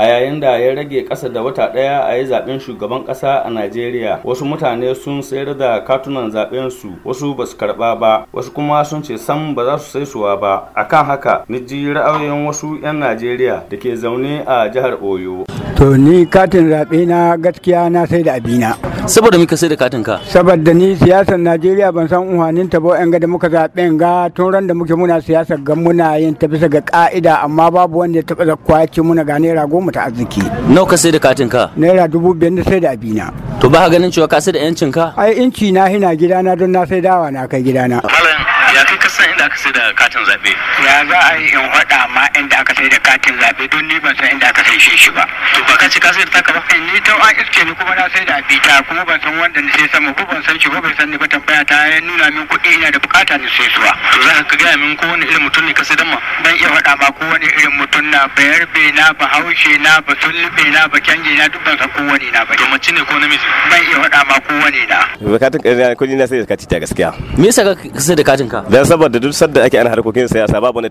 a yayin da ya rage ƙasa da wata ɗaya a yi zaɓen shugaban ƙasa a Najeriya. Wasu mutane sun sayar da katunan zaɓen su, wasu ba su karɓa ba, wasu kuma sun ce sam ba za su sai suwa ba. Akan haka, ni ji ra'ayoyin wasu 'yan Najeriya da ke zaune a jihar Oyo. to ni katin zaɓe na gaskiya na sai da abina saboda muka sai da katin ka saboda ni siyasar najeriya ban san umarnin ta ba ga da muka zaɓe ga tun ran da muke muna siyasar ga muna yin ta bisa ga ka'ida amma babu wanda ya taɓa zakkuwa ce muna ga naira goma ta arziki nawa ka sai da katin ka naira dubu biyar na sai da abina to ba ganin cewa ka sai da yancin ka ai inci na hina gidana don na sai dawa na kai gidana da aka sai da katin zaɓe. Ya za a yi in faɗa ma inda aka sai da katin zaɓe don ni ban san inda aka sai shi ba. To ba ka ci ka sai da taka ba? Eh, ni ta an iske ni kuma na sai da bita kuma ban san wanda ni sai sama ko ban san shi ko ban san ni ba tambaya ta ya nuna min kuɗi ina da bukata ni sai suwa. To za ka gaya min ko wani irin mutum ne ka sai ma? Ban iya faɗa ma ko wani irin mutum na bayar be na ba haushe na ba sulbe na ba kyanje na duk ban san ko wani na ba. To mace ne ko namiji? Ban iya faɗa ma ko wani na. bukatun eh, kudi na sai da kati ta gaskiya me yasa ka sai da katin ka dan saboda duk sadda ake ana harkokin siyasa babu wanda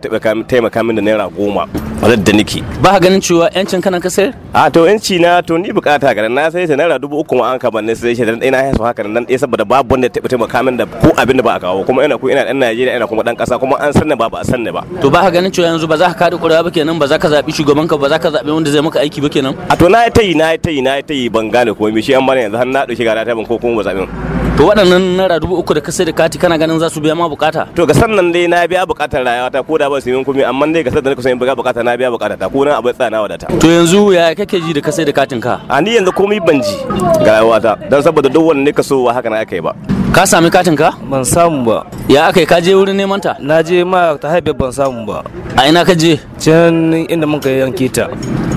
taimaka min da naira goma wadda da nake ba ka ganin cewa yancin kana ka sayar a to yanci na to ni bukata ga na sai ta naira dubu uku ma an ka banne sai shi dan ina hasu haka nan ɗaya saboda babu wanda taimaka min da ko abin da ba a kawo kuma ina ku ina dan Najeriya ina kuma dan ƙasa kuma an sanna ba ba a sanna ba to ba ka ganin cewa yanzu ba za ka kada ƙuri'a ba kenan ba za ka zabi shugaban ka ba za ka zabi wanda zai maka aiki ba kenan a to na ta yi na ta yi na ta yi ban gane komai shi an bani yanzu har na dauki gara ta ban ko kuma ba zabi to waɗannan naira dubu uku da ka sai da kati kana ganin za su biya ma bukata to ga sannan dai na biya bukatar rayuwata ko da ba su yi kuma amma dai ga sannan kusan biya bukata na biya bukata ta ko na abin tsana wadata to yanzu ya kake ji da ka sai da katin ka a ni yanzu komai ban ji ga rayuwata dan saboda duk wanda ne ka so haka na aka yi ba ka sami katin ka ban samu ba ya aka yi ka je wurin neman ta na je ma ta haife ban samu ba a ina ka je can inda mun kai yanke ta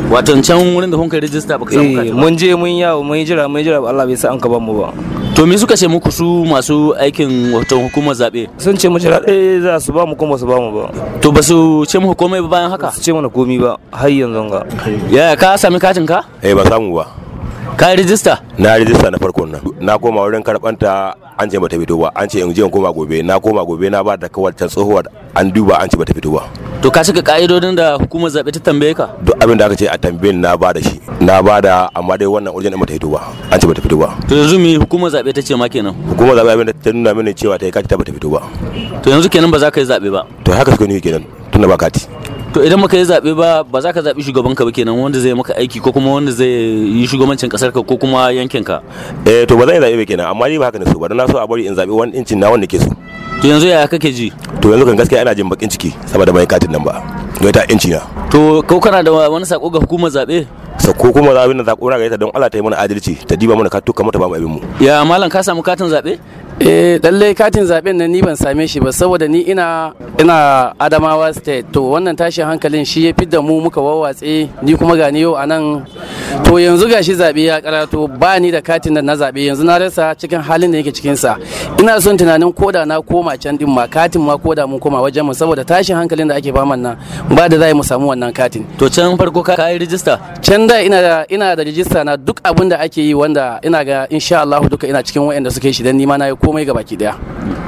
wato can wurin da kun kai rijista ka samu katin eh, mun je mun yawo mun jira mun jira Allah bai sa an ka ban mu ba to me suka ce muku su masu aikin wato hukumar zabe. sun ce mu jira eh za su ba mu kuma su ba mu ba to ba su ce mu komai ba bayan haka su ce mana komi ba har yanzu ga ya ka sami katin ka eh ba samu ba ka rijista na rijista na farkon nan na koma wurin karbanta an ce bata fito ba an ce in je in koma gobe na koma gobe na ba da kawar can tsohuwar an duba an ce bata fito ba to ka saka ka'idodin da hukumar zabe ta tambaye ka duk abin da aka ce a tambayin na ba da shi na ba da amma dai wannan urgent bata fito ba an ce bata fito ba to yanzu me hukumar zabe ta ce ma kenan hukumar zabe abin da ta nuna mini cewa ta yi kati ta bata fito ba to yanzu kenan ba za ka yi zaɓe ba to haka suka ni kenan tunda ba kati to idan maka yi zaɓe ba ba za ka zaɓi shugaban ka ba kenan wanda zai maka aiki ko kuma wanda zai yi shugabancin ƙasar ka ko kuma yankin ka eh to ba zan yi zaɓe ba kenan amma ni ba haka ne so ba na so a bari in zaɓi wani incin na wanda ke so to yanzu yaya kake ji to yanzu kan gaskiya ina jin bakin ciki saboda bai katin nan ba ga ita inci na to ko kana da wani sako ga hukumar zaɓe. sako kuma zaɓe na sako na ga ita don Allah ta yi mana adalci ta diba mana kamar ta ba mu abin mu ya malam ka samu katin zaɓe. eh lallai katin zaben nan ni ban same shi ba saboda ni ina ina adamawa state to wannan tashin hankalin shi ya fi da mu muka wawatse, ni kuma gani yau a nan. to yanzu gashi zabe ya karato ba ni da katin da na zabe yanzu na rasa cikin halin da yake cikin sa ina son tunanin koda na koma can din ma katin ma koda mun koma wajen mu saboda tashin hankalin da ake mu nan ba da za mu samu wannan katin to can farko ka kai rijista can da ina da ina da rijista na duk abin da ake yi wanda ina ga insha Allah duka ina cikin wayanda suke shi dan ni ma na komai ga baki daya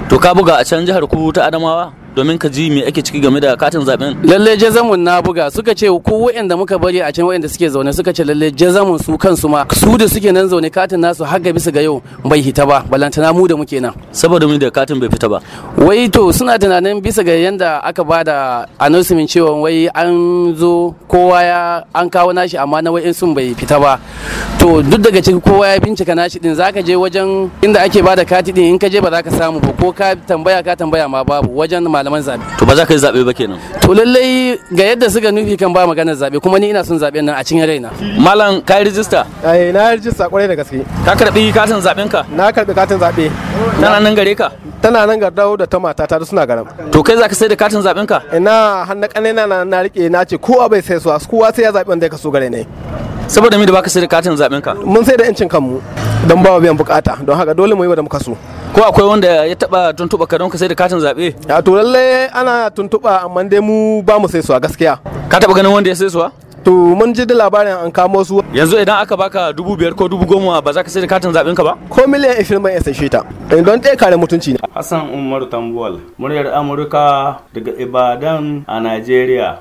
to ka buga a can jihar ku ta Adamawa domin ka ji me ake ciki game da katin zaben lalle jazamun na buga suka ce ko waɗanda muka bari a can waɗanda suke zaune suka ce lalle jazamun su kansu ma su da suke nan zaune katin nasu har ga bisa ga yau bai hita ba balantana mu da muke nan saboda mu da katin bai fita ba wai to suna tunanin bisa ga yanda aka bada announcement cewa wai an zo kowa ya an kawo nashi amma na wai sun bai fita ba to duk daga cikin kowa ya bincika nashi din zaka je wajen inda ake bada kati din in ka je ba za ka samu ba ko ka tambaya ka tambaya ma babu wajen malaman zabe to ba za ka yi zabe ba kenan to lallai ga yadda suka nufi kan ba magana zabe kuma ni ina son zabe nan a cikin raina malam ka yi rijista eh na yi rijista kwarai da gaske ka karbi katin zaben ka na karbi katin zabe tana nan gare ka tana nan ga dawo da ta mata ta suna garam to kai za ka sai da katin zaben ka ina har na kanina na na rike na ce kowa bai sai su kowa sai ya zabe wanda ya kaso gare ne saboda me da baka sai da katin zaben ka mun sai da yancin kanmu don ba biyan bukata don haka dole mu yi wa da muka so ko akwai wanda ya taba tuntuɓa ka ka sai da katin zaɓe ya to lalle ana tuntuba amma dai mu ba mu sai su a gaskiya ka taba ganin wanda ya sai su to mun ji da labarin an kamo su yanzu idan aka baka dubu biyar ko dubu goma ba za ka sai da katin zaɓen ka ba ko miliyan 20 mai shi ta eh, don ɗaya kare mutunci ne hassan umaru tambuwal muryar amurka daga ibadan a najeriya